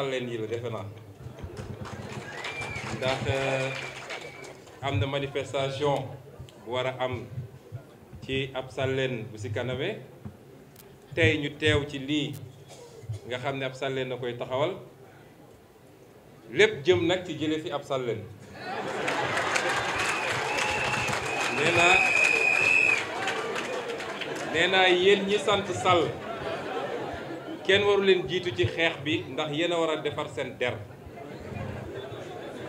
tàlleen yi la defe naa ndax euh, am na manifestation bu war a am ci ab sàlleen bu si kaname tey ñu teew ci lii nga xam ne ab sàlleen na koy taxawal lépp jëm nag ci jële fi ab sàlleen nee naa nee naa yéen ñi sant sàll kenn waru leen jiitu ci xeex bi ndax yéen a war a defar seen der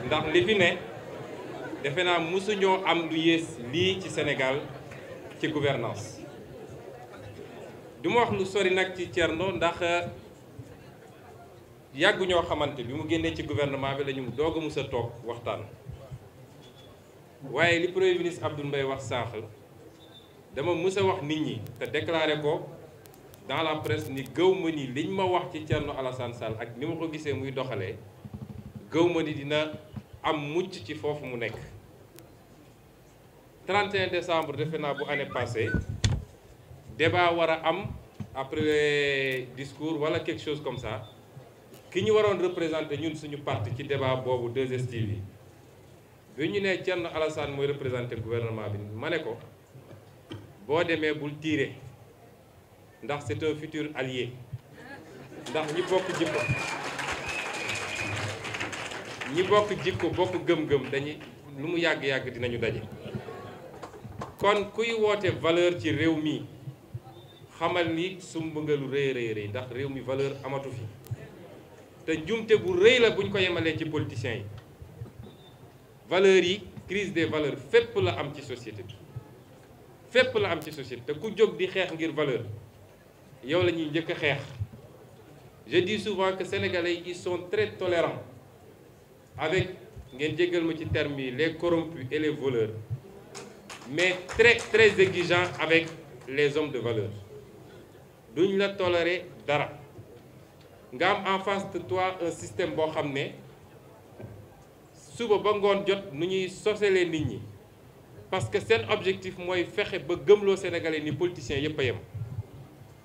ndax li fi ne defe naa mosuñoo am lu yées lii ci senegal ci gouvernance du ma wax lu sori nag ci Thierno ndax yàggu xamante bi mu génnee ci gouvernement bi lañu ñu doog toog waxtaan waaye li premier ministre Abdoul Mbaye wax sanqal dama mus wax nit ñi te déclaré ko dans la presse ni gëw nii ni liñ ma wax ci Thierno Alassane Sall ak ni ma ko gisee muy doxalee gëw ma ni dina am mucc ci foofu mu nekk 31 décembre defe naa bu année passée débat war a am après discours wala quelque chose comme ça ki ñu waroon représenter ñun suñu parti ci débat boobu 2STV yi bi ñu ne Thierno Alassane mooy représenter gouvernement bi ma ne ko boo demee bul tiire ndax c'est un futur allié ndax ñi bokk jikko ñi bokk jikko bokk gëm-gëm dañu lu mu yàgg-yàgg dinañu daje kon kuy woote valeur ci réew mi xamal ni sumb nga lu rëy rëy rëy ndax réew mi valeur amatu fi te njumte bu rëy la buñ ko yemalee ci politiciens yi valeurs yi crise des valeurs fépp la am ci société bi fépp la am ci société te ku jóg di xeex ngir valeur yow la ñuy njëkk a xeex je dis souvent que sénégalais yi ils très tolérants avec ngeen jéggal ma ci terme yi les corrompus et les voleurs mais très très exigeants avec les hommes de valeur duñ la tolérer dara nga am en face de toi un système boo xam ne suba ba ngoon jot nu ñuy soselee nit ñi parce que seen objectif mooy fexe ba gëmloo sénégalais ni politiciens yëpp a yem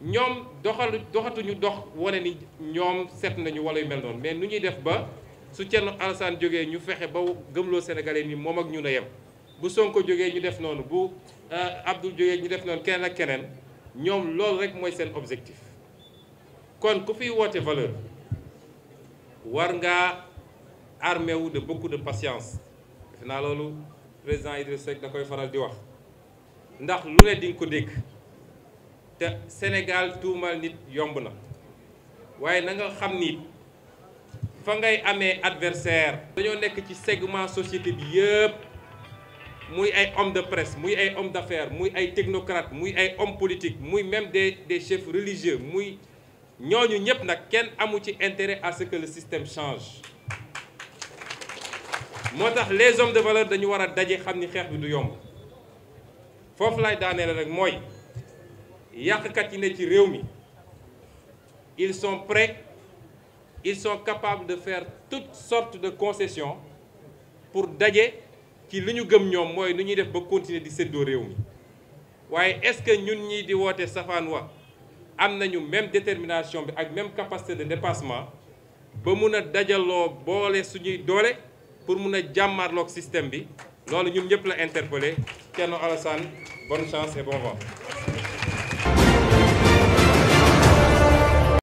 ñoom doxalu doxatuñu dox wane ni ñoom seet nañu wala yu mel noonu mais nu ñuy def ba su Thierno Alassane jógee ñu fexe ba gëmloo Sénégalais nii moom ak ñu na yem bu Sonko jógee ñu def noonu bu euh, Abdoul jógee ñu def noonu keneen ak keneen ñoom loolu rek mooy seen objectif kon ku fiy woote valeur war ngaa armé wu de beaucoup de patience defe naa loolu président de Seck da koy faral di wax ndax lu ne di nga ko dégg te Sénégal tuumal nit yomb na waaye na nga xam ni fa ngay amee adversaire dañoo nekk ci segment société bi yëpp muy ay homme de presse muy ay homme d'affaires muy ay technocrate muy ay homme politiques muy même des des chefs religieux muy ñooñu ñëpp nag kenn amu ci intérêt à ce que le système change moo tax les hommes de valeur dañu war a daje xam ni xeex bi du yomb foofu laay daaneel rek mooy yàqkat yi ne ci réew mi ils sont prêts ils sont capables de faire tout sortes de concessions pour daje ci li ñu gëm ñoom mooy nu ñuy def ba continuer di séddoo réew mi waaye est-ce que ñun ñii di woote safaan wa am nañu même détermination bi ak même capacité de dépassement ba mun a dajaloo boole suñuy doole pour mun a jàmmarloog système bi loolu ñun ñëpp la interpeller Thierno Alassane bonne chance et bon vent